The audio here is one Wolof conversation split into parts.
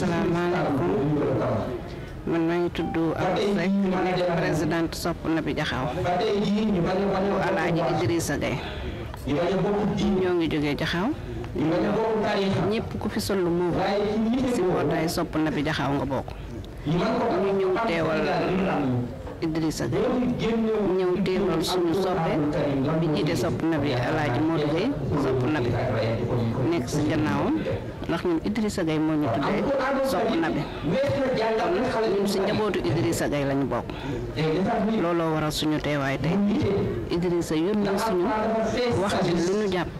asalaamaaleykum man maa ngi tudd Awa Seck nekk présidente Sopp Nabi Jaxaw bu Alaaji Idrissa Gaye ñoo ngi jógee Jaxaw ku fi sollu lu mu si mbootaay Sopp Nabi Jaxaw nga bokk ñu ñëw teewal Idrissa Gaye ñëw teewal suñu soppe bi jiite Sopp Nabi Alaaji Modou Gaye Sopp Nabi nekk si gannaawam ndax ñun Idrissa Gueye moo ñu tuddee sopp nabi kon ñun si njabootu Idrissa Gueye lañu bokk looloo waral suñu teewaay tey Idrissa yónni suñu wax bi li ñu jàpp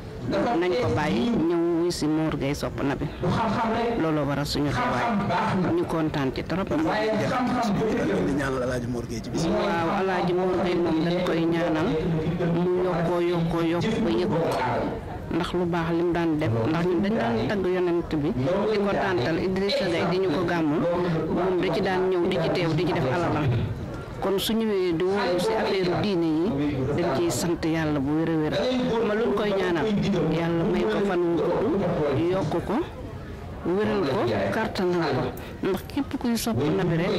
nañ ko bàyyi ñëw wuy si Mor sopp na bi looloo waral suñu teewaay ñu kontaan ci trop nag waaw Alaaji Mor moom dañ koy ñaanal mu yokkoo yokkoo yokk ba yëg ndax lu baax lim daan def ndax ñun dañ daan tagg yonent bi di ko tàntal Idrissa Gay di ñu ko gàmmul moom da ci daan ñëw di ci teew di ci def alalam kon su ñëwee di wóolu si affaire diine yi dañ ciy sant yàlla bu wér a wér ma luñ koy ñaanal yàlla may ko fan wu gudd yokk ko wéral ko kàttanal ko ndax képp kuy sopp na bi rek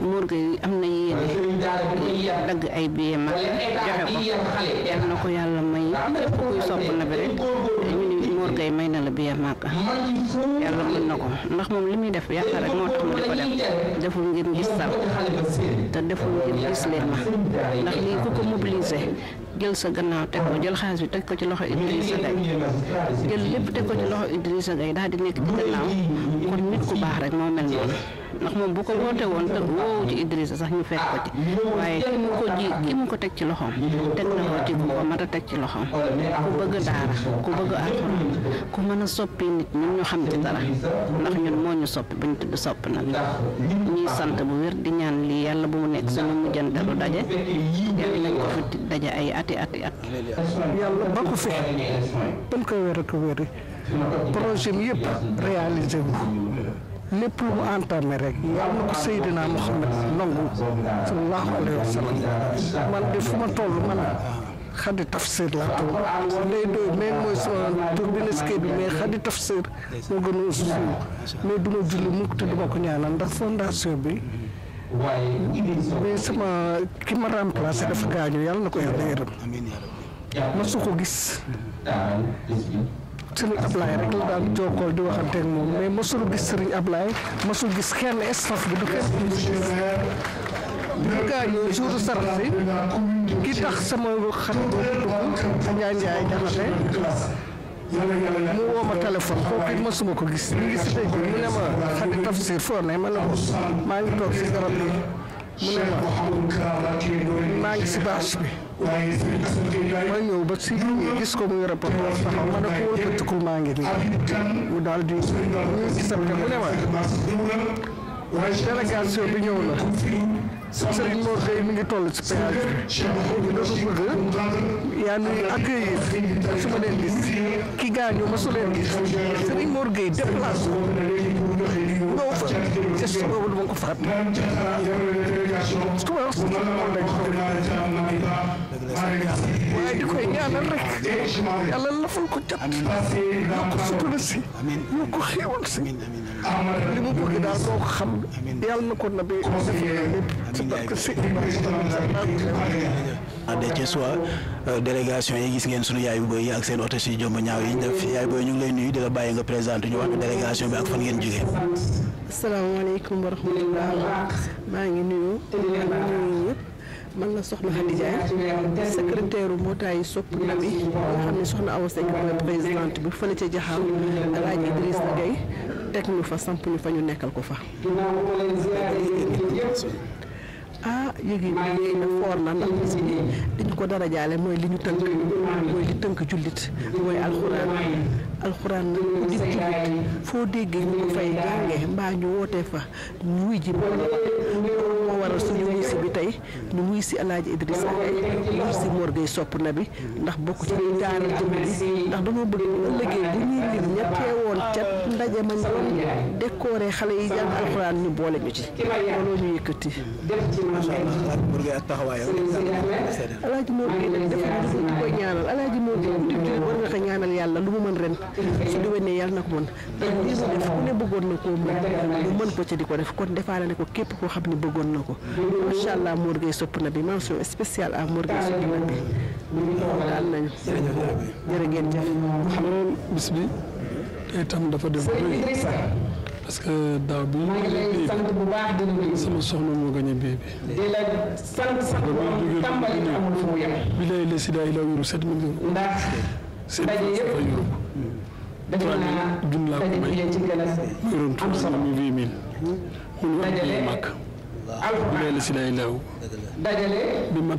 muur yi am na yéene dagg ay biyee ma joxe ko yal na ko yàlla kuy sopp na bi rek ñu ni Mor may na la biir màkka yàlla mën na ko ndax moom li muy def yàqa rek moo tax mu di ko def deful ngir gis sal te deful ngir gis leen ma ndax lii ku ko mobiliser jël sa gannaaw teg ko jël xaalis bi teg ko ci loxo Idrissa Gaye jël lépp teg ko ci loxo Idrissa Gaye daal di nekk ci gannaaw kon nit ku baax rek moo mel noonu ndax moom bu ko woote woon te woowu ci Idrissa sax ñu fekk ko ci waaye ki mu ko ji ki mu ko teg ci loxoom teg na ko ci ku ko mat a teg ci loxoom ku bëgg daara ku bëgg alxuraan ku mën a soppi nit ñun ñu xam ci dara ndax ñun moo ñu soppi ba ñu tudd sopp nag ñuy sant bu wér di ñaan lii yàlla bu mu nekk suñu mujjantalu daje yàlla nañ ko fi daje ay ati ati at yàlla ba ko fi ban projet bi yëpp lépp lu mu entamé rek yàlla na ko Seydina Muhammad nangu sallallahu alayhi wa sallam man de fu ma toll man xadi tafsir laa toll ndey doy mais mooy sama tur bi bi mais xadi tafsir moo gën a suuf mais du ma julli mukk te du ma ko ñaanal ndax fondation bi mais sama ki ma remplacé dafa gaañu yàlla na ko yàlla yërëm ma su ko gis. Serigne Ablaye rek la daan jokkool di waxanteeg moom mais mosul gis Serigne Ablaye mosul gis kenn staff bi du gaa ñëw suutu sarax si ki tax sama xarit boobu Njaay Njaay Jaxate mu woo ma téléphone kooku ko gis ñu ngi si tey mu ne ma xadi tafsir foo ne ma ne ko maa ngi toog si garab bi mu ne maa ngi si bâche bi waaye sëriñ Assane Gueye Ndiaye. ma ñëw ba si gis ko muy rapport ma ne ko woon bëccëgu maa ngi nii mu daal di ñu gisal te mu ne ma délégation bi ñëw na sëriñ Mor Gueye mi ngi toll ci péage bi dafa bëgg yaa nuy accueillir su ma leen gis ki gaañu ma su leen gis sëriñ Mor Gueye déplacé ñëw fa geste boobu dama ko fàtte su ma wax sëriñ Mor Gueye waaye di koy ñaanal rek yàlla lafal ko jot yokk sutura si yokk xéewal si li mu bëgg daal doo ko xam yàlla ko nabi de ci soit délégation yi gis ngeen sunu yaay bu boy yi ak seen oto si jomb ñaaw yi def yaay boy ñu ngi lay nuyu di bàyyi nga présenté ñu wax délégation bi ak fan ngeen jógee asalaamaaleykum wa rahmatullah maa ngi nuyu nuyu man la Soxna Khady Diagne secrétaire mbootaayu sopp Nabi nga xam ne Soxna Awa Seck mooy présidente bi fële ca Jaxaaw laaj Idriss Gueye teg ñu fa samp ñu fa ñu nekkal ko fa. ah yéegi na foor na ndax bis bi dañu ko dara jaale mooy li ñu tënk mooy li tënk jullit mooy alxuraan alxuraan nag ku di jullit foo déggee ñu ko fay jàngee mbaa ñu wootee fa ñuy ji moo waral suñu tey mu wuy si El Hadj Idrissa Gueye wuy si Mor Gueye sopp na bi ndax bokk ci taaral jëm bi ndax dañoo bëgg bu ëllëgee bu ñuy lim ña teewoon ca ndaje ma doon décoré xale yi jàng alxuraan ñu boole ñu ci looloo ñu yëkkati. El Hadj Mor Gueye ñaanal El Hadj Mor di jullit war nga ko ñaanal yàlla lu mu mën ren su diwénee yàlla na ko mën ndax lii mu def ku ne bëggoon na koo mën mu mën ko ca di ko def kon defaale ne ko képp koo xam ne bëggoon na ko la Mor sopp na bi mention spéciale à Mor Gueye sopp na bi daal nañu jërë dafa parce que daaw moo gañe bii bi. di la sant sax moom tàmbali amul fu mu yem. bi lay la sida yi la wéru ndax daje yëpp daje naa daje bi leen ci gën a. muy ron waaw li si lay laaw. dajale. bi ma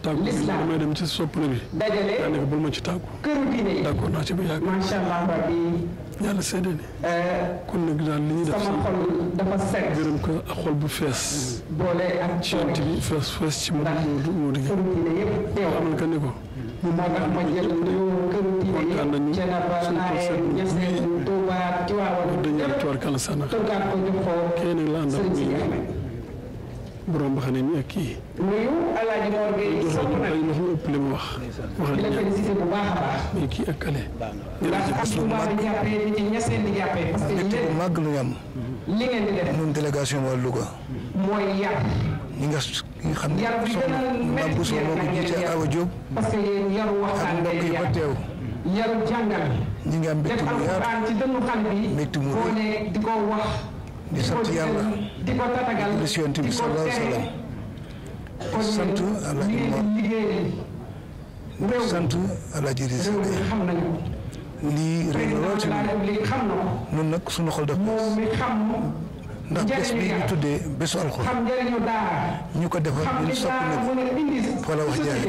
dem ci soppali bi. dajale daanaka ma ci tàggu. këru diine yi d'accord naa ci bu yàgg. macha yàlla seede ni. Euh, kon nag daal li ñuy def sama xol dafa set. gërëm ko ak xol bu fees. Mm. boole ak ci yonent bi fees fees ci mu mu digg. këru diine yëpp teew amal ka ne ko. moo tax ma jël këru diine yëpp. ca na ba naayee ñeseen tuuba ci waawoon. dañuy tuwaar kala sana. tënkaat ko jox ko. kii nag la àndal muy borom ba mu wax. wax nañu félicité bu baax a baax. mais kii ak kale. ndax ak bu baax a jàppee ci ñeseen di jàppee. parce ñi nga ñi nga xam ne. yar bi gën a métti yéen ak yéen yar Awa Diop. parce que yéen yaru waxtaan ak mbokk yi ba teew. yaru jàngal. ñi mu yaatu def mu boo di sant yàlla di ko tatagal di nag suñu xol def ndax bés bii ñu tuddee bésu alxuraan ñu ko defar ñu soppi na ko fa wax jaay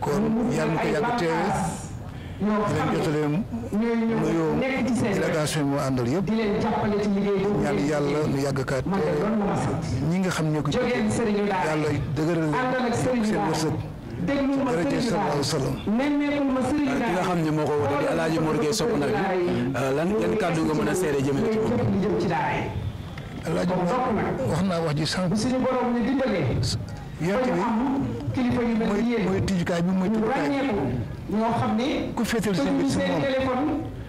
kon yàlla na ko yàgg teewe dinañ jotalee nuyoo délégation yi mu àndal yëpp ñaan yàlla nu yàgg kat ñi nga xam ne ko yàlla dëgëral seen wërsëg jërëjëf salaam ki nga xam ne moo ko euh, lan yan kàddu nga mën wax naa wax ji sànq. yéen tamit mooy tijjukaay bi mooy tijjukaay ñoo xam ne. ku féetal seen bët sa moom téléphone.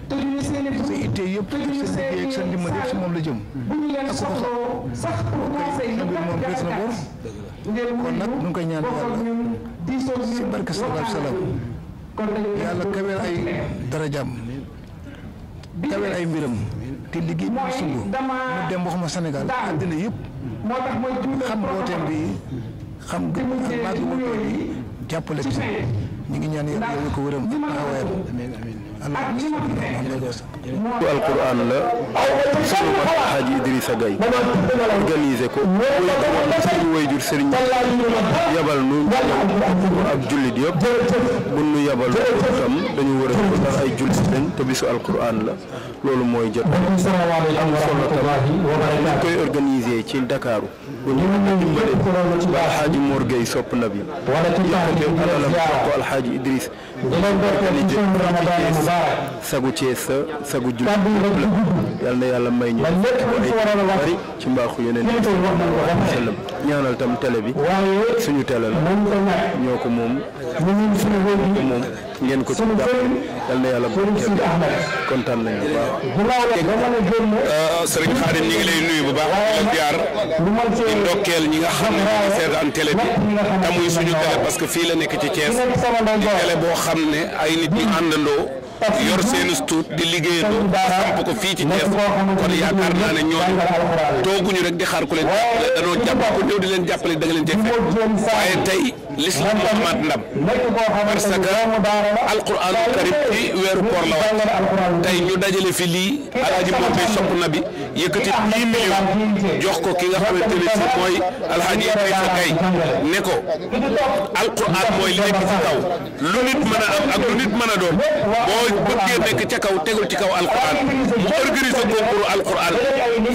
tëjuñu seen i sa liggéey ak seen dimbali yëpp si moom la jëm. bu ko leen soxloo sax pour moom gis na bor. kon nag ñu ngi koy ñaan yàlla si barke salaam salaam. yàlla kaweel ay darajaam. kaweel ay mbiram. te liggéey bi mu sumb mu dem waxuma Sénégal àddina yëpp. xam wooteem bi xam gën a màgg wooteem bi jàppale ci. ñu ngi ñaan yàlla yàlla ko wëram taxawaayam alhamdulilah. alquran la suñu mag Hadji Idrissa Gaye organisé ko suñu wayjur sëriñ yabal nu ak jullit yëpp bu nu yabal tam dañu war a ko ndax ay jullit lañ te bisu alquran la. loolu mooy jot am solo tamit ñu koy organiser ci Dakar bu ñu dimbale ba alxaaji Mor sopp na bi yëkkate alalam ko alxaaji Idriss li sagu Cees sagu jul la yal na yàlla may ñu bari ci mbaaxu yeneen yi sallam ñaanal tam télé bi suñu télé la ñoo ko moom moom ngeen ko ci jàppale yal na yàlla bu bu baax. Serigne Khadim ñu ngi lay nuyu bu baax di la ziar di ndokkeel ñi nga xam ne ñu ngi seetaan télé bi te muy suñu télé parce que fii la nekk ci Thiès di télé boo xam ne ay nit ñu àndandoo. yor seen stuut di liggéeyandoo samp ko fii ci Thiès kon yaakaar naa ne ñooñu tooguñu rek di xaar ku leen jàppale danoo jàpp ku di leen jàppale da nga leen cee fekk waaye tey l'islam moo amaat ndam parce que alquranul ci weeru koor la wàcc tey ñu dajale fi lii alhaji moom day sopp na bi yëkkati 10 millions jox ko ki nga xamante ne si mooy alhaji Idrissa Gay ne ko alquran mooy li nekk ci kaw lu nit mën a am ak lu nit mën a doon boo bëggee nekk ca kaw tegul ci kaw alquran mu organiser concours alquran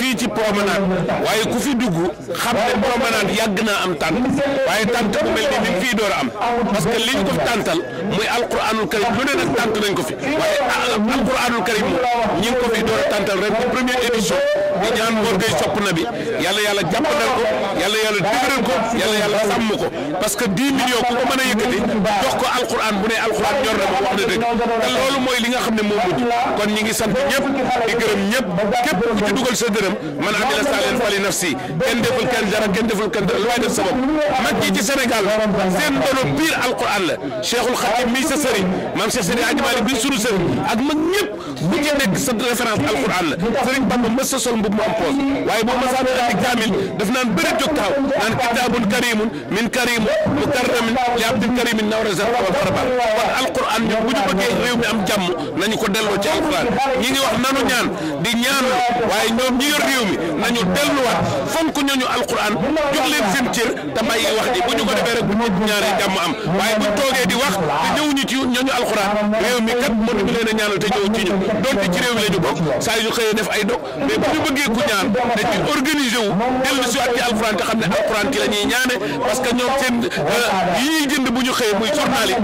fii ci promenade waaye ku fi dugg xam ne promenade yàgg naa am tànn waaye tànn bu mel ni ngi fii door a am parce que li ñu ko fi tàntal muy alquranul karim lu ne nag tànt nañ ko fi waaye ah, alquranul karim ñi ngi ko fi door a tàntal ren bu première édition di ñaan Ngor Gueye sopp na bi ko yàlla yàlla dëgëral ko yàlla yàlla sàmm ko parce que ku ko mën a yëkkati jox ko alquran bu ne alquran ñor na ma wax na dëgg te loolu mooy li nga xam ne moo mujj kon ñi ngi sant ñëpp di gërëm ñëpp képp ku ci dugal sa man amila saleen fali nafsi kenn deful kenn dara kenn deful kenn dara lu seen ndono biir alquran la Cheikhul Khadim mi sa sëriñ maam Cheikh Seydi Hadji Malick bi sunu sëriñ ak mag ñëpp bu ci nekk sa référence alquran la sëriñ Bamba mës sa sol mbub mu am poos waaye boo ma sax andi kaamil daf naan bëri jóg taxaw naan kitaabun karimun min karimu mukarramin li abdil karimin nawrazat wal farabal kon alquran ñun bu ñu bëggee réew mi am jàmm nañu ko delloo ci alquran ñi ngi wax nanu ñaan di ñaan waaye ñoom ñi yor réew mi nañu delluwaat fonk ñooñu alquran bu ñu ñaanee jàmm am waaye bu toogee di wax te ñëwuñu ci ñooñu alxuraan réew mi kat mënu ñu leen a ñaanal te ñëw ci ñu donte ci réew mi la ñu bokk saa yu xëyee def ay dog mais bu ñu bëggee la ñuy ñaane parce que ñoom seen euh,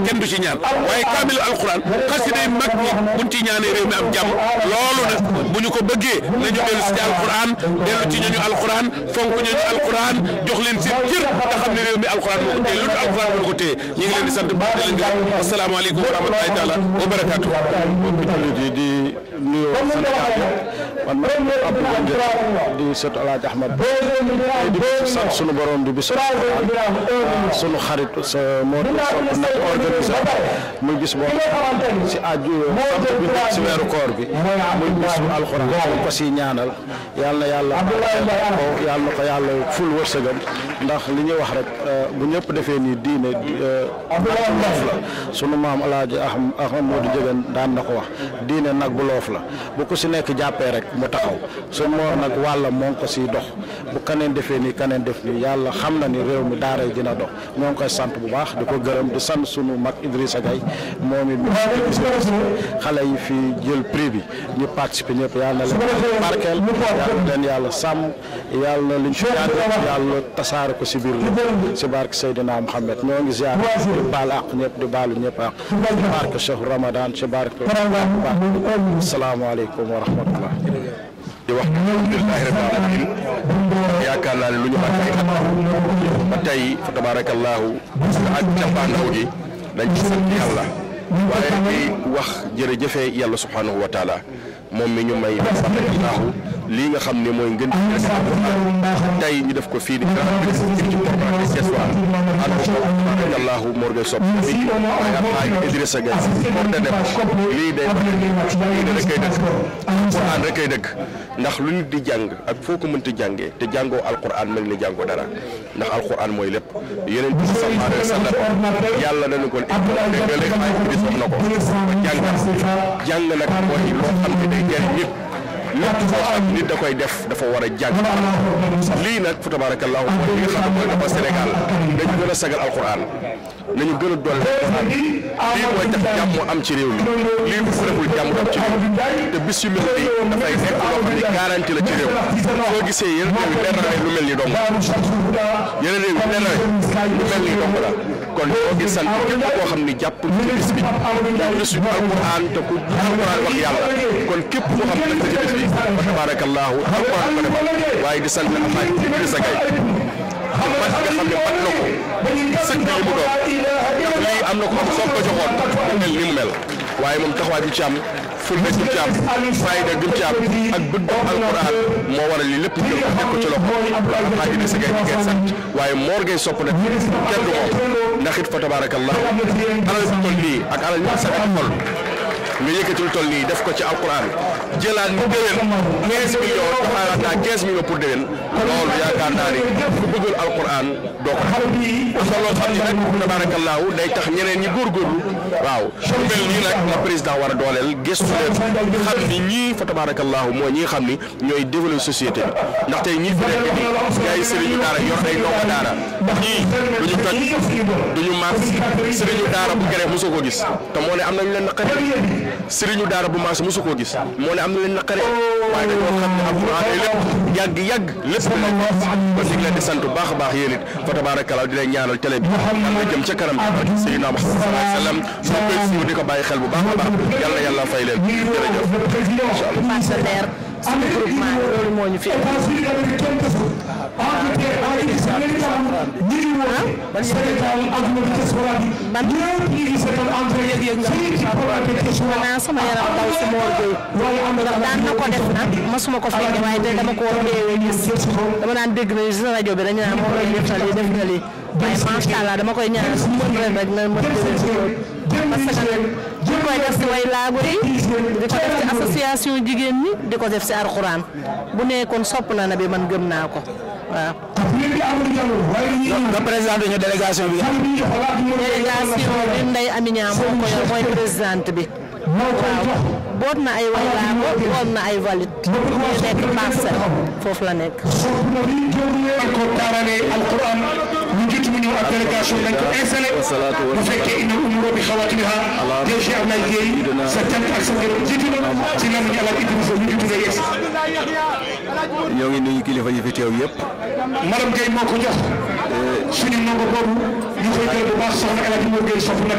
kenn du ci ñaan waaye kaamilu alxuraan xasiday mag ñi buñ ci ñaanee réew mi am jàmm loolu nag bu ñu ko bëggee nañu dellu si alxuraan dellu ci ñooñu alxuraan fonk ñooñu alxuraan jox leen seen cër te xam ne réew mi alxuraan moo ko barke alxuraan moo ko téye ñu ngi leen di sant bu baax di leen gërëm asalaamaaleykum wa rahmatulahi taala wa barakaatu. mbokki jullit yi di nuyoo Sénégal yëpp man ma Abdou Ndiaye di sët Alaaji Ahmad di sant sunu borom di bis ah, sunu xarit sa moo nekk organisé muy bis boo si aju sant bi si weeru koor bi muy bis bu alxuraan ko si ñaanal yal na yàlla yal na ko yàlla ful wërsëgam ndax li ñuy wax rek eh, bu ñëpp defee nii diine eh, loof la sunu maam Alaaji Ahmad Modou Ndiéguène daan na ko wax diine nag bu loof la bu ko si nekk jàppee rek mu taxaw su moo nag wàlla moo ngi ko siy dox bu kaneen defee nii kaneen def nii yàlla xam na ni réew mi daara yi dina dox ñoo ngi koy sant bu baax di ko gërëm di sant sunu mag Idrissa Gaye moom it xale yi fi jël prix bi ñu participer ñëpp yàlla yàlla sàmm yàlla na liñ fi jàng tasaare ko si biir li si barke Seydina Mouhamed ñoo ngi ziar di baal àq ñëpp di baalu ñëpp àq si barke Ramadan si barke salaamaaleykum wa rahmatullah di yaakaar naa ne lu ñu màgg ay ba tey fa tabaarakallaahu ak cappaandaw gi dañ ci yàlla waaye di wax jërëjëfee yàlla subhaanahu wa taala moom mi ñu may fatailaahu lii nga xam ni mooy ngën tey ñu def ko fii di ci portaae Cesuwaar ànd ko tabaarakallaahu Morgan Sob bi waaye am naa Idrissa Gueye porte def lii day lii ne rek kay dëkk ndax lu nit di jàng ak foo ko mënta jàngee te jàngoo alquran mel ni jàngoo dara ndax alquran mooy lépp yeneen bi sallallahu alayhi wa sallam yàlla nañu ko dégg léegi ay bi sox na ko jàng jàng nag mooy loo xam ne day jëriñ ñëpp lépp foo xam nit da koy def dafa war a jàng lii nag fu tabarakallahu mooy li nga xam ne mooy dafa Sénégal dañu gën a sagal alquran nañu gën a dolli lii mooy tax jàmm am ci réew mi lii bu fa deful jàmm te bis yu mel nii dafay nekk loo xam ne la ci réew soo gisee lu mel ni dong yeneen réew lu mel ni dong la kon ñoo ngi sant képp koo xam ne jàpp ci bis bi jàng suñu alquran te ku alquran wax yàlla kon képp koo xam ne ci bis bi wa tabarakallahu alquran ko def waaye di sant amaay Idrissa Gaye bat nga xam ne bat na ko sëkk yi mu doon lii am na ko am soo ko joxoon mu mel ni mu mel waaye moom taxawaay bi ci am fulbe bi ci am fayda bi ci am ak bëgg alquran moo waral li lépp jël ko teg ko ci loxo loolu xam naa Idrissa waaye Mor Gueye sopp na kenn du ndax it fa tabaarakallah alal bi toll nii ak alal ñi sax xol nga yëkkatul toll nii def ko ci alquran jëlaat mu déwén 15 millions pour déwén loolu yaakaar naa ku bëggul alquran doo ko def te loolu xam ni nag tabaarakallaahu day tax ñeneen ñi góorgóorlu waaw su mel nii nag la président war a dooleel gëstu leen xam ni ñii fa tabaarakallaahu mooy ñi nga xam ni ñooy développer société bi ndax tey ñi fi nekk nii gars yi sëriñu daara yor ñii duñu toj duñu daara bu gëree mosoo ko gis te moo ne am nañ leen naqari sëriñu daara bu maas mosu koo gis moo ne am na leen naqaree waaye dañoo xam ne alxuraan ay lépp yàgg yàgg lépp lañ kon leen di sant bu baax a baax yéen it fa tabaarakallaa di leen ñaanal télé bi yàlla na jëm ca kanam bi Seydina Muhammad sallallahu alayhi wa sallam su koy siiw di ko bàyyi xel bu baax baax yàlla yàlla fay leen jërëjëf suñu groupement moo ñu fi indi. waaw ah, ah, ah, sama yaram daw si Mor Gueye ndax daan na ko def nag masuma ko fekkee waaye tey dama ko deewee gis dama daan dégg nañu si rajo bi dañu naan moom lañ def na lii def na lii waaye macha allah dama koy ñaanal su mën ren rek na mën parce que koy def si way laago yi di ko def si association jigéen ñi di ko def si alxuraan bu nekkoon sopp na na bi man gëm naa ko waaw. donc présidente ñu délégation bi. délégation bi Ndeye Amy Niang présidente bi boot na ay walaabo foofu la nekk. ko taarale alquran ñu jiitu ak délégation dañ ko installé bu fekkee inna umura bi xawaatimiha DG Abdoulaye Guèye sa cant ak sa ngërëm jiitu ci lan ñu alaaj Idrissa ñu jiitu nga yees. ñoo ngi moo ko jox. Eh. suñu nangu boobu ñu koy jël bu baax soxna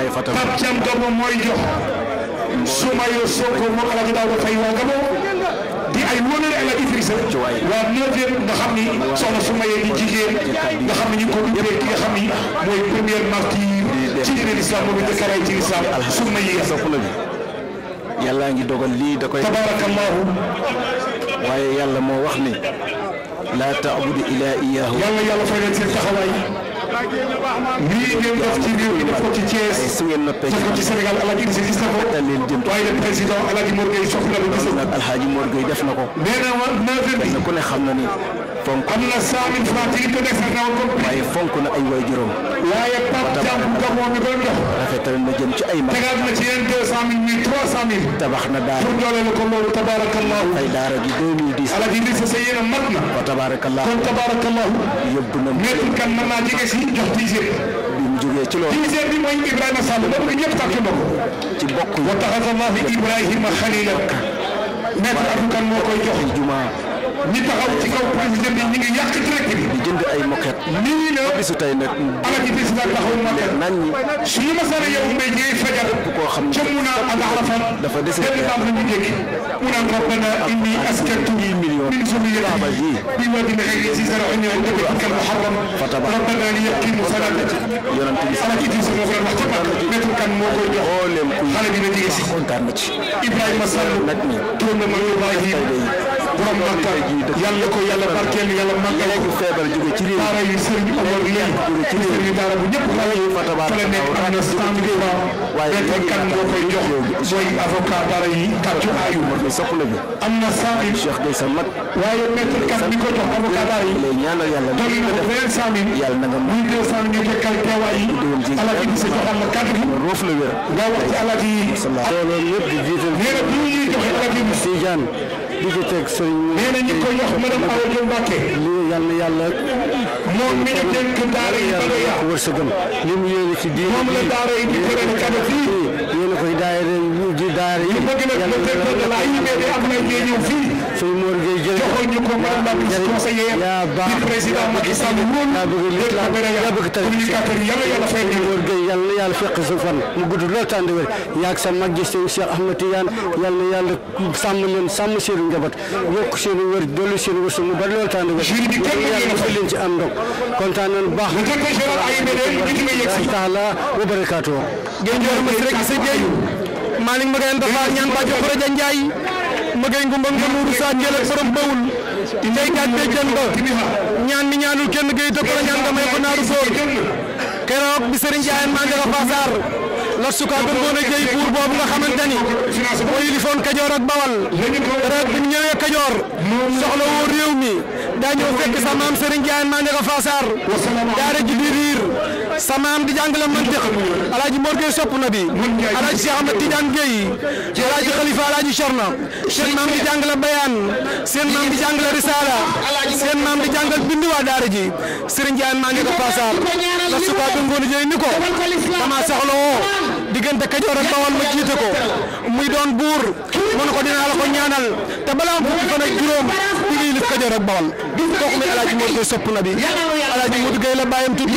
El Hadj mooy jox. Soumaïla Sonko moom El Hadj Daouda Faye di ay wóor la waa nga xam ni soxna Soumaïla di jigéen nga xam ni ñu ko duppee nga xam ni mooy première martyre ci diine l'islam moom yàlla ngi dogal lii da koy. tabarakallahu waaye yàlla moo wax ni. laa taabudu ilaa iyaahu. yàlla yàlla fay leen seen taxawaay. lii ngeen def ci réew mi def ko ci Thiès def ko ci Sénégal El Hadj Idrissa gis na ko waaye le président El Hadj Mor Gueye soxla na ko gis na ko. nee na ma 9h10 ku ne xam na ni. fonk am na 100000 francs ci ko des na ay waajuram waaye Pape Thiam ka moom mi doon dox rafetal na jëm ci ay mag tegaat na ci yéen 200000 ni 300000 tabax na daara pour dooleel ko loolu tabarakallah ay daara gi 2010 ala di sa yéen a mag na wa tabarakallah kon na metti kan mën ci loolu tiisee bi mooy Ibrahima Sall ba bëgg ñëpp tàkk mbokk ci bokk wa jumaa ñi taxaw ci kaw président bi ñu ngi yàq traite bi. di ay moquette. nii la bisu tey nag. ala ci bis nag taxaw moquette. nañ ñi suñu masana yow mbay ñooy fajal. koo xam ne a am xarafan. dafa dese benn baax la ñu jékki. unaan rabbana bi wadin ghayri zi zar'in inda baytikal muharram. fataba rabbana li yaqimu salata. yonent bi ala ci bis moo koy borom Makka yàlla ko yàlla barkeel yàlla màggal ko feebar jóge ci réew daara yi sëriñ Omar Lay ci réew daara bu yi fataba fa la nekk am na stand jox am na cent mille Cheikh Gueye sa mag waaye maître kan bi ko jox avocat daara yi ñaanal yàlla dolli na ko vingt cent mille yàlla ñu tekkal teewaay yi alaji bi di ci teg sëriñ nee na ñu ko jox madame Awa Diop Mbacké lii yal na yàlla moom mi ñu dénk daara yi ba doya wërsëgam li mu yéene ci diir moom la daara yi di tëral kado fii yéene ko daara yi di daara yi bëgg nag ba tey la yi ne am na ñëw fii sëñ Mor Gueye jël joxoon ñu ko madame la ministre conseillère du président Macky Sall woon communicateur yàlla yàlla fay ñu Mor na yàlla fekk fan mu gudd lool tànd wér yaag sa mag ji sëñ Cheikh Ahmed Tidiane yàlla na yàlla sàmm leen sàmm seen njaboot yokk seen wér dolli seen wér mu bari lool tànd wér yàlla fa leen ci am ndog kontaan nañu baax taala wa barakaatu Gueye Ndior bëggay ngumba nga nuuru saa jël ak borom bawul tey gàttee jën ba ñaan mi ñaanul kenn gay dëkk la ñaan nga may ko naaru soor keroog bi sëriñ Ndiaye Mandela Fassar la sukkandu mboona jëy buur boobu nga xamante ni moo yilifoon Kajoor ak Bawal rek bi mu Kajoor soxla woo réew mi daa ñëw fekk sa maam sëriñ Ndiaye Mandela Fassar daara ji samaam di jàngale mantiq alaaji Mor Gueye sopp na bi alaaji Cheikh Ahmed Tidiane Gueye alaaji Khalifa alaaji Cherna seen maam di jàngale bayaan seen maam di jàngale risaala seen maam di jàngal bind waa daara ji Serigne Ndiaye maa ngi ko pasar la suba bi ngoon jëy ni ko dama soxla woo diggante Kajoor ak ma jiite ko muy doon buur mën ko dinaa ko ñaanal te balaa fukki juróom di lii lif Kajoor ak Bawol kooku muy sopp na bi Alaaji Modou Gueye la bàyyam tudd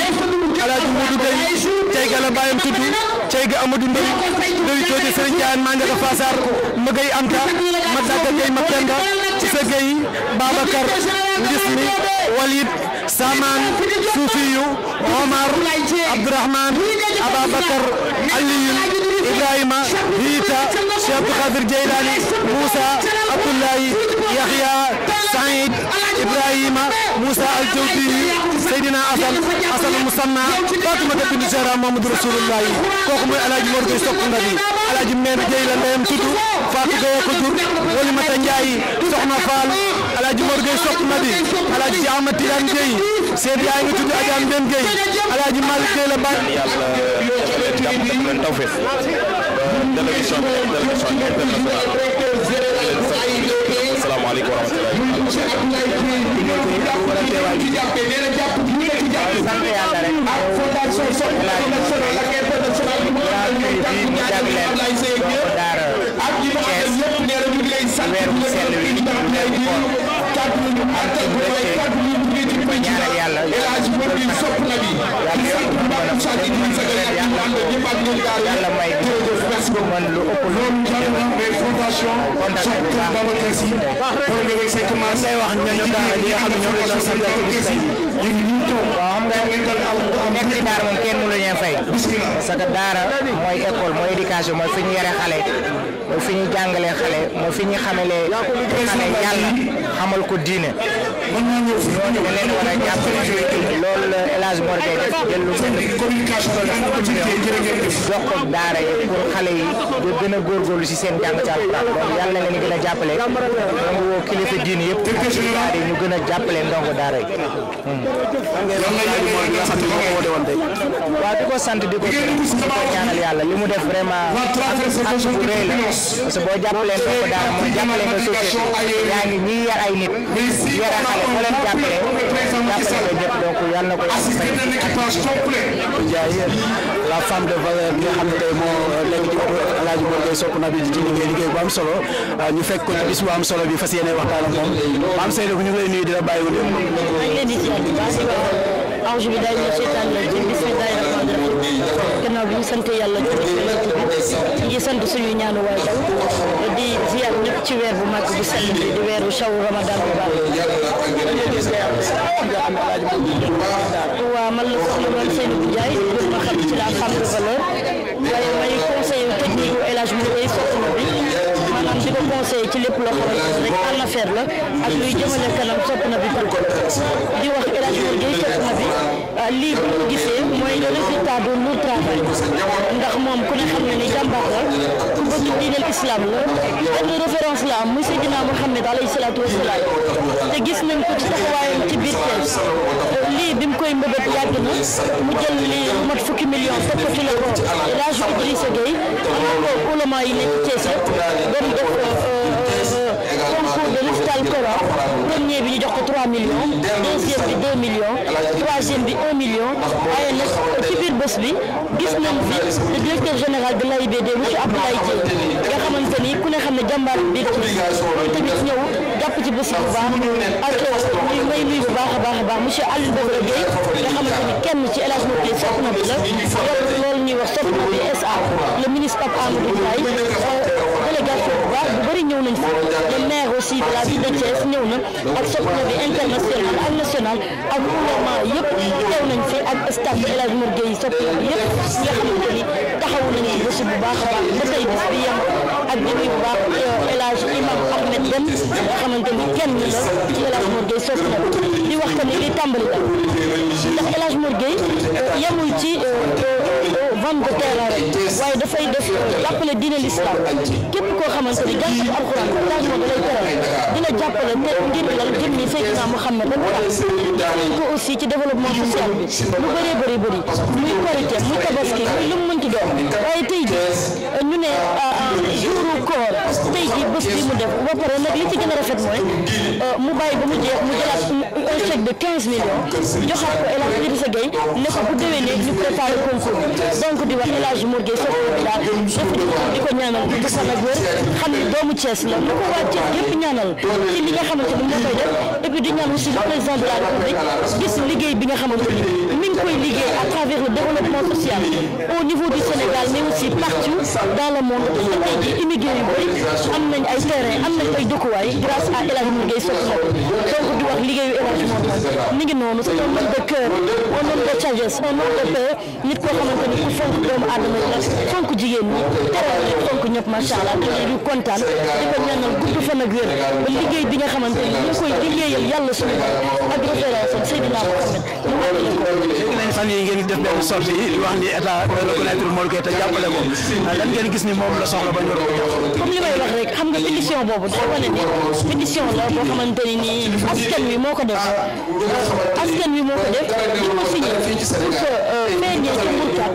Alaaji Modou Gueye cey ga la bàyyam tudd cey ga Amadou Ndori Ndori cooje Serigne Diagne maa njëkk a Fassar ma Gueye Anta ma Daga Gueye ma Penda Cissé Gueye Babacar Ndismi Walid Saman Soufiyu Omar Abdourahman Ababacar Aliyun Ibrahima Hiita Cheikh Abdou Khadir Jeylani Moussa Abdoulaye Yahya Saïd Ibrahima Moussa Al Jawdi Seydina Asan Asan Musanna Fatimata bint Zahra Mamadou Rasulullah kooku mooy El Hadj Mor Gueye Sopp Ndabi El Hadj Meen Gueye la ndeyam tudd Fatou Gueye ko jur Walimata Ndiaye Soxna Fall El Hadj Mor Gueye Sopp Ndabi El Hadj Ahmad Tidiane Gueye seen yaay nga tudd Adja Mbène Gueye El Hadj asalaamaaleykum wa rahmatulah. ak fondation Soxna nationale ak école nationale bi mu ak ñi ma xam ne ñëpp nee na ñu ngi lay sant ñu ngi lay di kàddu ñu àttal bu may kàddu ñu ngi di ko ñaanal yàlla El Hadj Modou Sopp na bi di sant bu baax di sant di ñu sagal ak ñu ànd ñëpp ak ñoom daal jërëjëf man lu ëpp loolu jàll na mais nga xam ne ñoo ngi doon sant moom kenn mënu la ñuy fay parce daara mooy école mooy éducation mooy fi ñu yore xale mooy fi ñu jàngalee xale mooy fi ñu xamalee xale yàlla xamal ko diine ñooñu leen war a jàppale loolu El Hadj Mor Gueye def jël lu bëri jox ko daara yi pour xale yi di gën a góorgóorlu si seen jàng ci alxuraan donc yàlla na leen gën a jàppale donc woo kilifa diine yëpp daara yi ñu gën a jàppale ndongo daara yi. Hmm. waaw di ko sant di ko ñaanal yàlla li mu def vraiment ak bu rëy la parce que boo jàppalee ndongo daara mooy jàppale nga société yaa ngi ñii yar ay nit yar ku leen jàppale jàppale de valeur bi nga xam ne tey moo euh, nekk ci El Hadj Mor Gueye Sokone Nabi liggéey bu am solo euh, ñu fekk ko ci bis bu am solo bi fas yéene waxtaan moom maam ñu ngi lay di la bàyyi wu ñu. awju bi daal ñu sant yàlla di sant di ziar ci weer bu mag bu sell bi di weeru shawru ramadan bu baax waaw man la soxla woon Seydou Ndiaye pour ma xam ci la femme de valeur waaye may conseiller technique bu élage mu koy soxla bi maanaam di ko conseiller ci lépp loo xamante rek en la ak luy jëmale kanam sopp na bi par di wax élage mu koy sopp na bi Euh, lii bu ñu gisee mooy résultat de leur travail ndax moom ku ne na ni jàmbaar la ku bëgg diinal islam la benn référence la am muy Seydina Mouhamed alayhi salaatu wasalaam te ko ci taxawaayam euh, lii bi mu koy mbëbët yàgg mu mat fukki million teg ko ci la ko rajo Idrissa Gueye am ko ulama yi nekk euh, concours de l'hôpital Coran premier bi ñu jox ko 3 millions deuxième bi 2 millions troisième bi 1 million waaye nag ci biir bés bi gis nañ fi le directeur général de l'AIBD monsieur Abdoulaye Dieng nga xamante ni ku ne xam ne jàmbaar bi biir ci moom tamit ñëw jàpp ci bés bu baax ak muy may nuyu bu baax a baax a baax monsieur Aliou Badara Gueye nga xamante ni kenn ci El Hadj Mopé sopp na bi la loolu ñuy wax sopp na bi SA le ministre Pape Amadou Ndiaye euh, délégation waaw bu bëri ñëw nañ fi le maire aussi de la ville de Thiès na ak soxna bi international ak national ak ulama yëpp teew nañ fi ak staff El Hadj Mor Gueye sopp yëpp nga xamante ni taxawu nañ ci bés bu baax a baax ba bi yem ak nit bu baax euh, El Hadj Imam Ahmed Dem nga xamante ni la ci El Hadj na di wax tamit li tàmbali la ndax El Hadj Mor Gueye euh, yemul euh, vente de terrain rek waaye dafay def jàppale diine l'islam képp koo xamante ni alxuraan daal moo dalay teral di la jàppale te ngir lan ngir ni Seydina Mouhamed rek ko aussi ci développement social bi lu bëree bëri bëri muy korité muy tabaski muy lu mu mënti doon waaye tey jii ñu ne jouru koor tey jii bés bi mu def ba pare nag li ci gën a rafet mooy euh, mu bàyyi ba mu jeex mu jëlaat un chèque de 15 millions joxaat ko El Hadj Idrissa Gueye ne ko bu déwénee ñu préparé concours donc di foofu di ko ñaanal di ko fan ak xam ni doomu Thiès la lu ko waa Thiès yëpp ñaanal ci li nga xamante ni moo koy def et di ñaan aussi le président de la République gis liggéey bi nga xamante ni mi ngi koy liggéey à travers le développement social au niveau du Sénégal mais aussi partout dans le monde te tey immigré yu bëri am terrain am nañ ay grâce à El Hadj Ndiaye donc di wax liggéeyu El Hadj mi ngi noonu c'est un homme de cœur un homme de sagesse un homme de paix nit koo xamante ni ku fonk doomu aadama la fonk jigéen ñi teral leen fonk ñëpp macha allah te ñu kontaan di ko ñaanal gudd fan ak wér ba liggéey bi nga xamante ni ñu ngi koy liggéeyal yàlla suñu borom ak référence am Seydina Mohamed ñu wàññi ko. def benn sortie li wax ni ko ah, lan ngeen gis moom la soxla ba ñu ko jox. boo xamante ni nii wi moo ko def askan wi moo ko def ñu ah. ko signé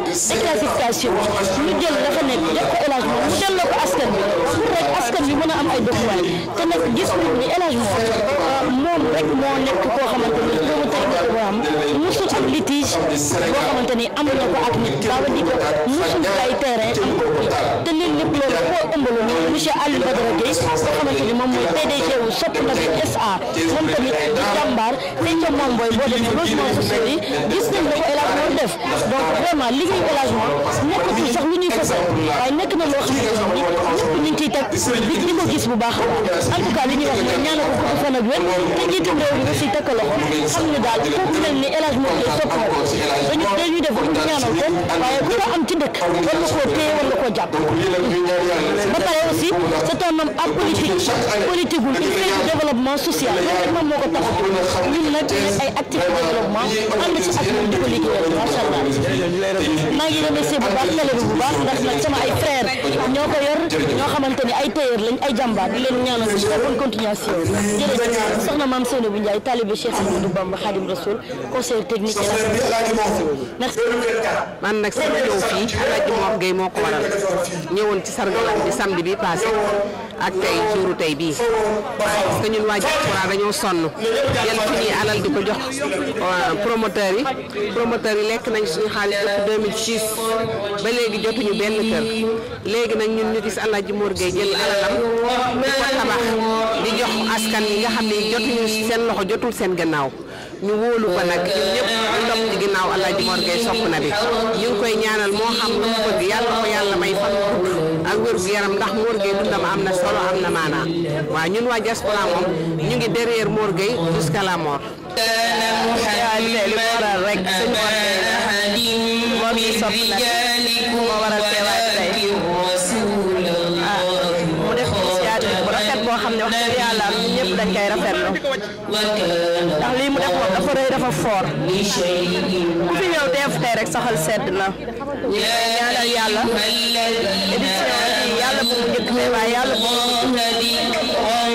déclassification ñu jël la fa nekk jox ko El Hadj mu delloo ko askan bi pour rek askan bi a am ay dëkkuwaay te nag gis nañ ni El Hadj moom rek moo nekk koo xamante ni doomu tey waaw ci litige boo xamante ni am na ko ak nit Baba Diko mosul jaay terrain am ko prix te léegi lépp loolu koo ëmbaloon monsieur Alioune Badara Gueye boo xamante ni moom wu Sopp Ndabi SA moom tamit di jàmbaar te ca moom booy boo demee logements sociaux ko élagement def donc vraiment liggéey élagement nekkatul na loo xamante ni ñëpp ñu ngi ciy teg di gis bu baax en tout cas li ñuy wax mooy ñaanal ko gudd fan ak wér loxo xam ne daal kooku mel ni élagement dañuy def lu ñaanal ko waaye ku ko am ci dëkk war nga koo téye war nga koo jàpp ba pare aussi c'est un homme apolitique politique wul il fait du développement social loolu moom moo ko tax ñun nag ay actifs de développement ànd ci ak ñun di ko liggéeyal macha allah maa ngi remercier bu baax télé bi bu baax ndax nag sama ay frères ñoo ko yor ñoo xamante ni ay tailleur lañ ay jàmbaar di leen ñaanal ci bonne continuation jërëjëf soxna maam Seynabou Ndiaye talibé Cheikh Ahmadou Bamba Khadim Rasoul conseiller technique man nag sama ñëw fii Alaaji Mor moo ko waral ñëwoon ci sargalam bi samedi bi passé ak tey juru tey bii parce que ñun waa dañoo sonn jël suñuy alal di ko jox promoteur yi promoteur yi lekk nañ suñu xaalis depuis 2006 ba léegi jotuñu benn kër léegi nag ñun ñu gis Alaaji Mor Gueye jël alalam di ko tabax di jox askan yi nga xam ne jotuñu seen loxo jotul seen gannaaw ñu wóolu ko nag ñun ñu topp ci ginnaaw Alaaji Mor Gueye sopp na bi ñu ngi koy ñaanal moo xam lu mu bëgg yàlla ko yàlla may fan ak wér gu yaram ndax Mor Gueye dundam am na solo am na maanaa waaw ñun waa diaspora moom ñu ngi derrière Mor Gueye jusqu'à la sopp na ndax lii mu def moom dafa rëy dafa fort ku fi ñëw teef tey rek saxal sedd na ñaanal yàlla édition bi yàlla mu njëkk mais waaye yàlla bu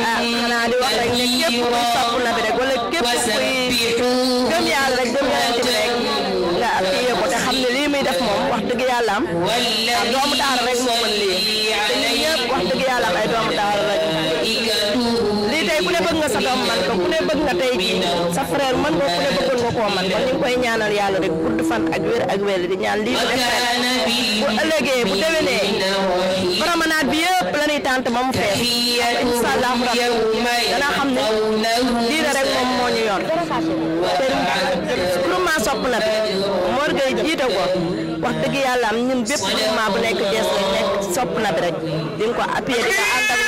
xanaa di wax rek ne képp kuy sopp na bi rek wala képp kuy gëm yàlla rek gëm yàlla ci rek nga appuyé ko te xam ne lii muy def moom wax dëgg yàlla am doomu daara rek moo lii doom man ko ku ne bëgg nga tey jii sa frère man nga ku ne bëggoon nga koo man kon ñu koy ñaanal yàlla rek gudd fan ak wér ak wér di ñaan lii di def bu ëllëgee bu déwénee bi yëpp la tànt ba mu fees incha allah dana xam ne lii rek moom moo ñu yor te groupement sopp na bi Mor jiite ko wax dëgg yàlla am ñun bépp groupement bu nekk Thiès nekk sopp na bi rek di ko appuyer di moom lépp lu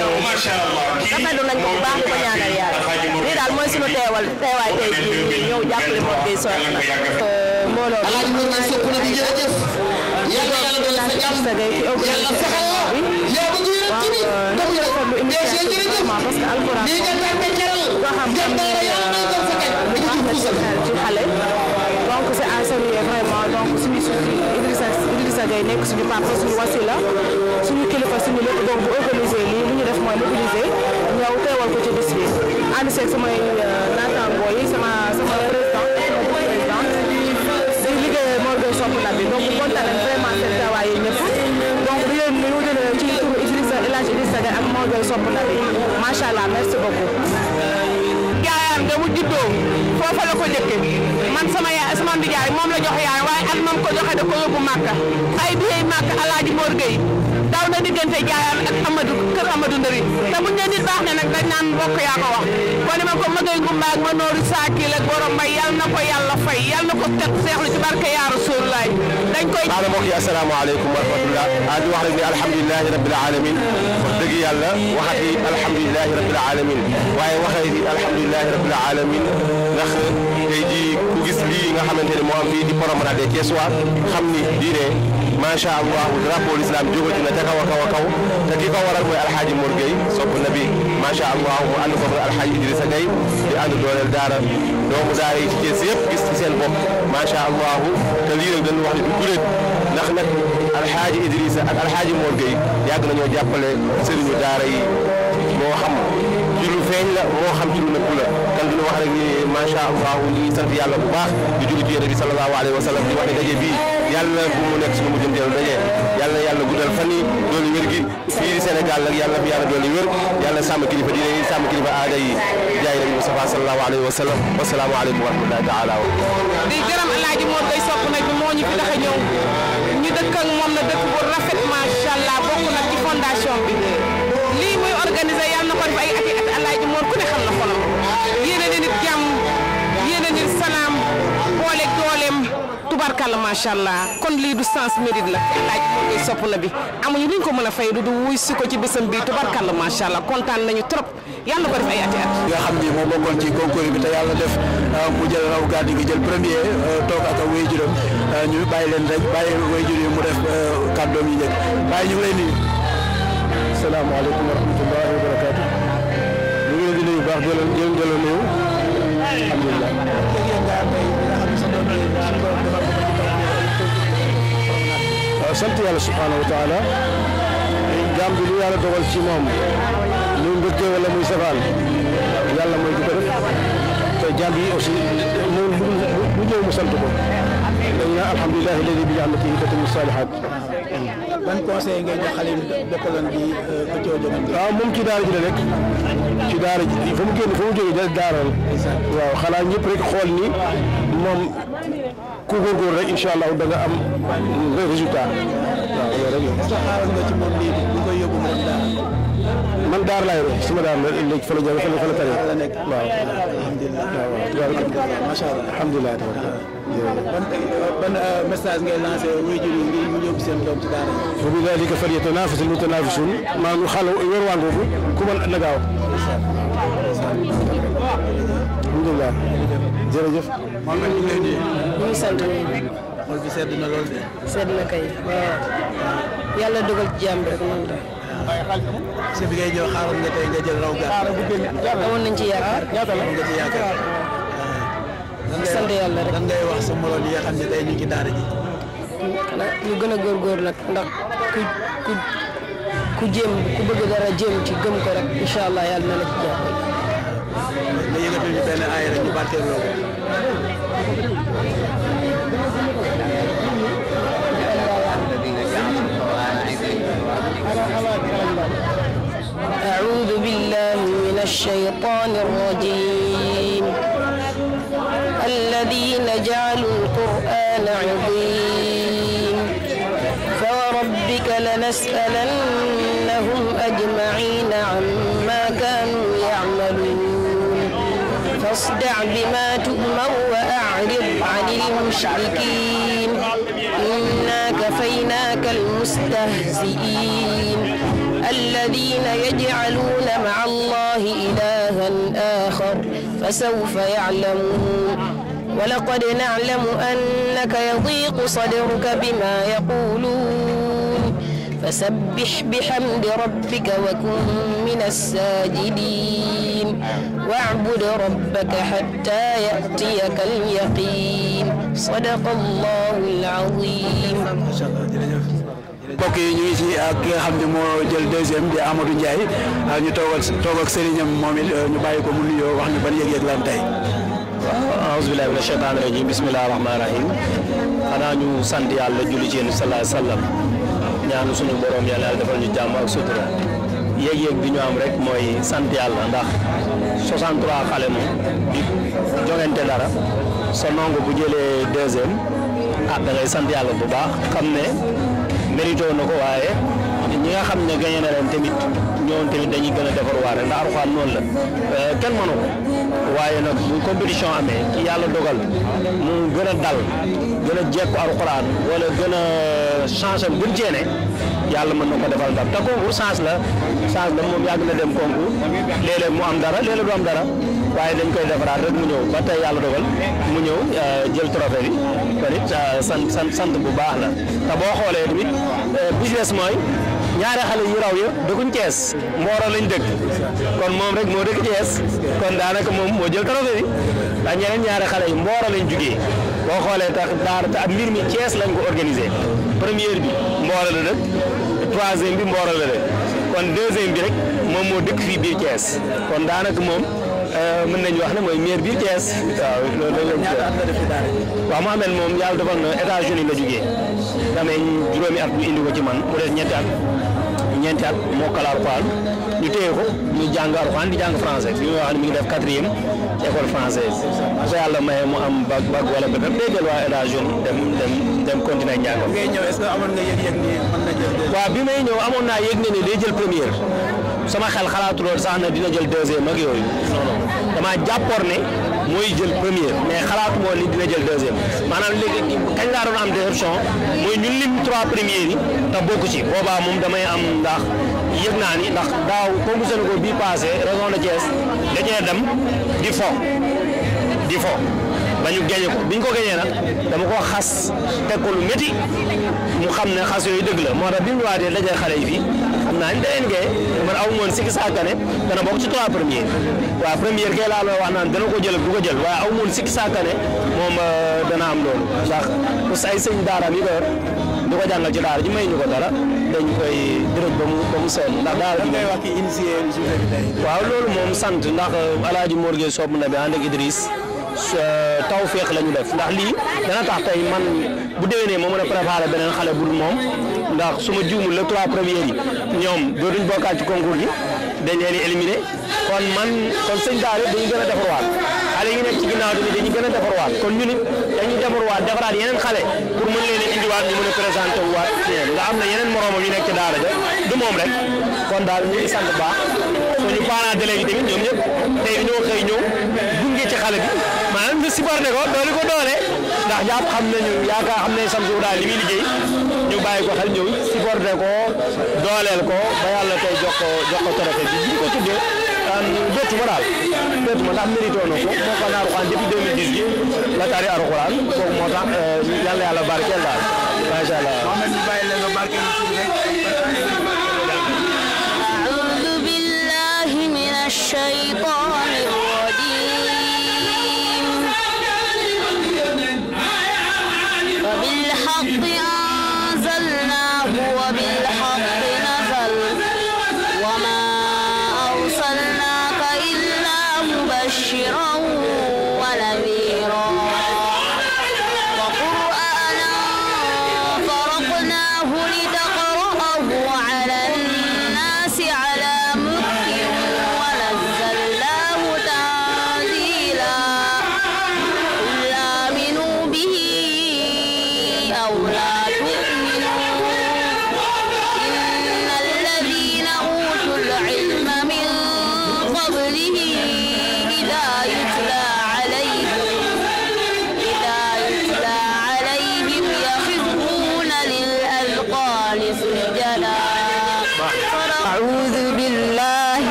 mu wax ñëw rafetlu nañ ko bu baax di ko ñaanal yàlla lii daal mooy sunu teewal teewaay tey jii ñëw jàppale Mor Gueye Sokhna moo loolu alaaji Mor Gueye Sokhna bi jërëjëf yàlla yàlla doon sa jàmm yàlla saxal la yaa bëgg yërëm euh, ci bi rafetlu émission jërëjëf parce que alxuraan lii nga tàmbali teral gëm daara yàlla may gëm euh, sa kañ ci xale ngay nekk suñu papa suñu wasila suñu kilifa suñu lépp donc bu organisé lii li ñu def mooy mobilisé ñëw teewal ko ci bis bi ànd seeg samay euh, naataangoo sama sama président sama liggéey Morgan Shop bi donc kontaan nañ vraiment seen teewaay yi ñëpp donc di leen nuyu di leen ci turu Idrissa El Hadj Idrissa Gane ak Morgan Shop bi macha allah merci man sama yaay doon di jaay moom la joxe yaay waaye at moom ko joxe da ko yóbbu Màkka ay biyee Màkka Alaaji Mor Gueye daw na diggante jaayaan ak Amadou kër Amadou Ndëri te buñ ne nit baax na nag dañ naan mbokk yaa ko wax kon ma ko mëgay gumba ak ma nooru saakil ak borom mbay yal na ko yàlla fay yal na ko teg seexlu ci barke yaa Rasulullaay dañ koy baax na mbokk yi asalaamaaleykum wa rahmatullah ah di wax rek ne alhamdulilahi rabbil alamin wax dëgg yàlla waxati alhamdulilahi rabbil alamin waaye waxee ni alhamdulilahi rabbil alamin ndax nga xamante ni moom am fii di promenade xam ni diine macha allah drapeau l'islam jógati na ca kaw a kaw a kaw te ki ko waral mooy alxaaji Mor Gueye sopp nabi macha allah mu ànd ko alxaaji Idrissa Gueye di ànd dooleel daara doomu daara ci Thiès yëpp gis ci seen bopp macha allah te lii rek wax ni du kuréet ndax nag alxaaji Idrissa ak alxaaji Mor Gueye yàgg nañoo jàppale sëriñu daara yi. moo xam ci lu feeñ la moo xam ci lu nëbb la kan duñu wax rek ni macha allah ñu ngi sant yàlla bu baax di julli ci yonent bi sallallahu alayhi wa sallam di wax ne daje bii yàlla bu mu nekk suñu mujjanteelu daje yàlla yàlla guddal fan yi doolu wér gi fii di nag yàlla fi yàlla doolu wér yàlla sàmm kilifa diine yi sàmm kilifa aada yi jaay nabi Mustafa sallallahu alayhi wa sallam wasalaamu aleykum wa rahmatullahi taala di gërëm alaaji moom day sopp nag bi ñu fi tax a ñëw ñu dëkk moom na dëkk bu rafet macha allah bokk nag def ay ati ati Alaaji Mor ku ne xam na xolam yéene na nit jàmm yéene nit allah kon lii du sens la laaj mooy sopp na bi amuñu luñ ko mën a fay du wuy si ko ci bésam bii tubarkalla macha allah kontaan nañu trop yàlla ko def ay xam ni ci concours yàlla def ah, mu jël raw gàddu gi jël premier ah, toog ak way juróom ah, ñu bàyyi leen rek bàyyi way jur mu def kàddoom yi njëkk bàyyi ñu ngi lay nuyu. salaamaaleykum wa rahmatulah. baax di leen di leen delloo néew. alhamdulilah. waaw sant yàlla subhaanahu lu yàlla dogal ci moom. muy wala muy safaan. yàlla mooy di ko def. te jaam mu aussi mu sant ko. dañ naan alhamdulilah léegi bi nga xamante ni tatimmu saalihaat ban conseil ngay jox xale yi bokkaloon bi ba ci daara rek ci daara ji fa mu génn mu jógee daara la. waaw xanaa ñëpp rek xool ni moom ku góorgóor rek incha allah da nga am résultat waaw loolu rek la. sax xaaral nga ci moom léegi bu koy man daar laay roy suma daar la léegi fa la jàng fa la fa la tare waaw alhamdulilah macha allah alhamdulilah ban euh, message ngay lancé wuy juri ngir mu ñëw seen doom ci daara wa bi dalika falyatanafas almutanafisun maa ngi xale yor waa ngoofu ku man na gaaw alhamdulilah jërëjëf maa ngi lay nuyu ñu ngi sant xol bi sedd na lool de sedd na kay waaw yàlla dogal ci jàmm rek noonu waaye si bi ngay ñëw xaaroon nga tey nga jël raw gàtt. xaaral bu nañ ci yaakaar. Ah, ñaata la ah. sant yàlla rek ngay wax sa moroom yi xam ne tey ñu ngi daara ji. xanaa gën a góor góor nag ndax ku jéem ku bëgg dara jéem ci gëm ko rek incha allah yàlla na la الشيطان الرجيم الذين جعلوا القرآن عظيم فوربك لنسألنهم أجمعين عما كانوا يعملون فاصدع بما تؤمر وأعرض عن المشركين فسوف يعلمون ولقد نعلم أنك يضيق صدرك بما يقولون فسبح بحمد ربك وكن من الساجدين واعبد ربك حتى يأتيك اليقين صدق الله العظيم mbokk yi ñu ngi ci ak xam ne moo jël deuxième di Amadou Ndiaye ah, ñu toog ak toog ak sëriñam moom it euh, ñu bàyyi ko mu nuyoo wax ñu ban yëg-yëg la am tey. waaw aouzu billahi mina shaytaani rajim bismillahi rahmaani rahim ñu suñu borom yàlla defal ñu jàmm ak sutura yëg-yëg bi ñu am rek mooy sant yàlla ndax 63 xale moom di dara sa ndongo bu jëlee deuxième ah da sant yàlla bu baax xam ne. mérité na ko waaye ñi nga xam ne gagné na leen tamit ñoom tamit dañuy gën a defarwaat rek ndax Alxuraan noonu la euh, kenn mënu ko waaye nag bu compétition amee ci yàlla dogal mu gën a dal gën a jekku Alxuraan wala gën a euh, chance am gën ceene yàlla man na ko defal ndam te concours chance la chance la moom yàgg na dem concours léeg mu am dara léeg-léeg du am dara. waaye dañ koy defaraat rek mu ñëw ba tey yàlla dogal mu ñëw euh, jël trophée bi kon it euh, sant sant sant bu baax la te boo xoolee tamit euh, business mooy ñaari xale yu raw ya dëkkuñ Thiès Mboro lañ dëkk kon moom rek moo dëkk Thiès kon daanaka moom moo jël trophée bi ñaari xale yi Mboro lañ jugee boo xoolee tax daara mbir mi Thiès lañ ko organisé première bi Mboro bi Mboro kon deuxième moom moo dëkk kon daanaka moom. Euh, mën nañu wax ne mooy maire biir Thiès waaw loolu la ñu waaw Mohamed moom yàlla defal na États-Unis la jógee damay juróomi at ñu indi ko ci man mu des ñetti at ñeenti at mokkal Alxuraan ñu téye ko mu jàng Alxuraan di jàng français bi nga wax ne mi ngi def quatrième école française bu ko yàlla maye mu am bag bag wala bëtam day delluwaat États-Unis dem dem dem continuer njàngam. ngay ñëw amoon na waaw bi may ñëw amoon naa yëg ne ne day jël première sama xel xalaatu loolu sax na dina jël deuxième ak maa jàppoon ne mooy jël premier mais xalaatu moo li dina jël deuxième maanaam léegi kañ laa doon am déception mooy ñun lim trois premiers yi te bokku ci boobaa moom damay am ndax yëg naa ni ndax daaw comme Sénégal bii passé région de Thiès dañee dem di fo di fo ba ñu gañe ko bi ñu ko gañee nag dama ko xas teg ko lu métti mu xam ne xas yooyu dëgg la moo tax bi mu waatee dajee xale yi fii xam naa ni deneen gaye man aw moon sikki saaka ne dana bokk ci trois premier waaw première kay laa loo wax naan dana ko jël du ko jël waaye aw moon sikki saaka ne moom euh, dana am loolu ndax us ay sëñ daaraam yi ko du ko jàngal ci daara ji may ñu ko dara dañ koy dërëb ba mu ba mu sonn ndax daara ji waaw loolu moom sant ndax euh, alaaji Mor Gueye soob na bi ànd ak Idriss taw féex la ñu def ndax lii dana tax tey man bu déwénee ma mën a préparer beneen xale bu dul moom ndax su ma juumul le trois premiers yi ñoom dootuñ bokkaat ci concours gi dañ leen di éliminer kon man kon sëñ Daara dañu a defarwaat a defarwaat ñu nit dañuy defarwaat a a présenté waat nga yu nekk ci daara ja du moom rek kon daal ñu ngi sant bu baax suñu parents d'élèves yi tamit tey ñoo xëy ñëw gunge ci xale bi. maanaam nga supporté ko doole ko doole ndax jàpp xam nañu yaakaar xam nañu Samsung daal li muy ñu bàyyi ko xel ñëw supporté ko dooleel ko ba yàlla tey jox ko jox ko trophée bi ñu ko tuddee dootu ah, ma daal dootu ma ndax mérité na ko moo ko naaru xaan depuis 2018 la tari alxuraan kooku moo tax euh, yàlla yàlla barkeel daal macha allah. Mohamed ñu bàyyi la nga barkeel أعوذ بالله من الشيطان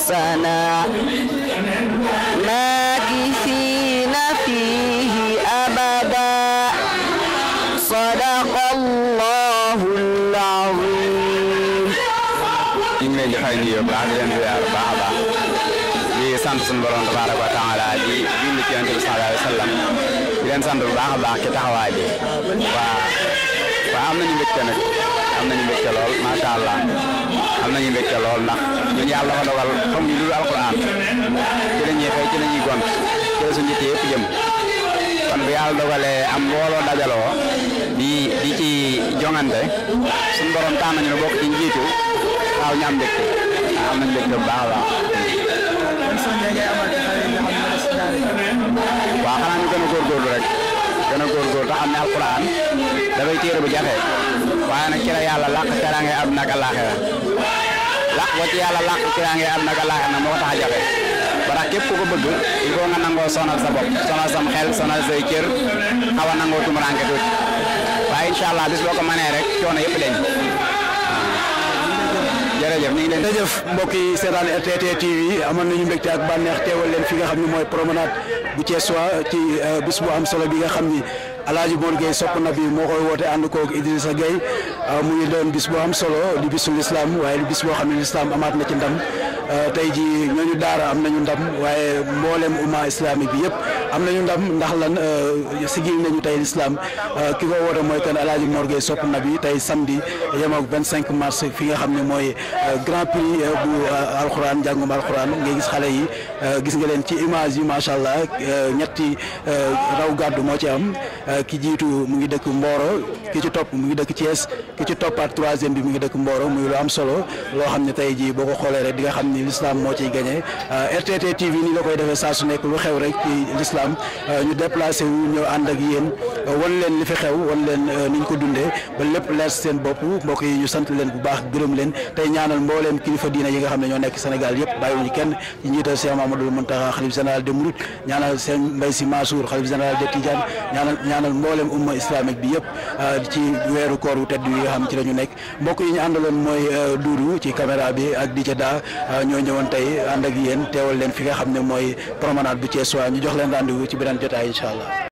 حسنا ماكثين فيه أبدا صدق الله العظيم ñu ngi leen di fay nuyoo baax di leen ziar baax a baax di sant sunu borom tabaaraka wa taala di julli ci yonent bi sallallahu alayhi wa sallam di leen sant bu baax a baax ci taxawaay bi am nañu mbégte lool macha allah am nañu mbégte lool ndax ñun yàlla dafa dogal xam ñu lu alquran ci la ñuy xëy ci la ñuy gont ci la suñu yitte yëpp jëm kon bu yàlla dogalee am mbooloo di di ci jongante suñu borom tànn nañu bokk ci njiitu waaw ñu am mbégte baax baax. waaw xanaa ñu gën a góorgóorlu rek. gën a góorgóor te xam ne dafay téere bu jafe waaye nag ci la yàlla làq ci yàlla làq teraange am nag àllaaxira moo tax a jafe ba tax képp ku ko bëgg il faut nga nangoo sonal sa bopp sonal sam xel sonal say cër xaw a nangoo tumuraanke tuuti waaye incha allah bis boo ko mënee rek coono yëpp dañ jërëjëf ñu ngi leen jërëjëf mbokk yi seetaan RTT TV amoon nañu mbégte ak bànneex teewal leen fi nga xam ne mooy promenade bu Thiès ci euh, bis bu am solo bi nga xam ni Alaaji Mor Gueye sopp na bi moo koy woote ànd koog Idrissa Gueye euh, mu ngi doon bis bu am solo di bisu lislaam waaye di bis boo xam ne lislaam amaat na ci ndam euh, tey ji ñooñu daara am nañu ndam waaye mboolem umma islamique bi yëpp am na ñu ndam ndax lan euh, sigil nañu tey lislaam euh, ki ko woote mooy kan Alaaji Mor Gueye Sopp Nabi tey samedi yem ak 25 mars fi nga xam ne mooy euh, grand prix bu alxuraan njàngum alxuraan ngay gis xale yi gis nga leen ci image yi macha allah ñetti raw gàddu moo ci am ki jiitu mu ngi dëkk Mboro ki ci topp mu ngi dëkk Thiès ki ci toppaat troisième bi mu ngi dëkk mbooro muy lu am solo loo xam ne tey jii boo ko xoolee rek di nga xam ni lislaam moo ciy gagné RTT TV ni la nekk lu rek ci lislaam am euh, ñu déplacé wu ñëw ànd ak yéen euh, wan leen li fi xew wan leen euh, ni ñu ko dundee ba lépp leer seen bopp mbokk yi ñu sant leen bu baax gërëm leen tey ñaanal mbooleem kilifa diina yi nga xam ne ñoo nekk Sénégal yëpp bàyyiwuñu kenn ci njiital Cheikh Mamadou Mountakha xalif général de Mouride ñaanal seen Mbaye Sy Mansour xalif général de Tidiane ñaanal ñaanal mbooleem umma islamique bi yëpp ci weeru koor wu tedd yi nga xam ci la ñu nekk mbokk yi ñu àndaloon mooy duudu ci caméra bi ak di ca daa ñoo ñëwoon tey ànd ak yéen teewal leen fi nga xam ne mooy promenade bu Thiès ñu jox leen rendez-vous ci beneen jotaay incha allah.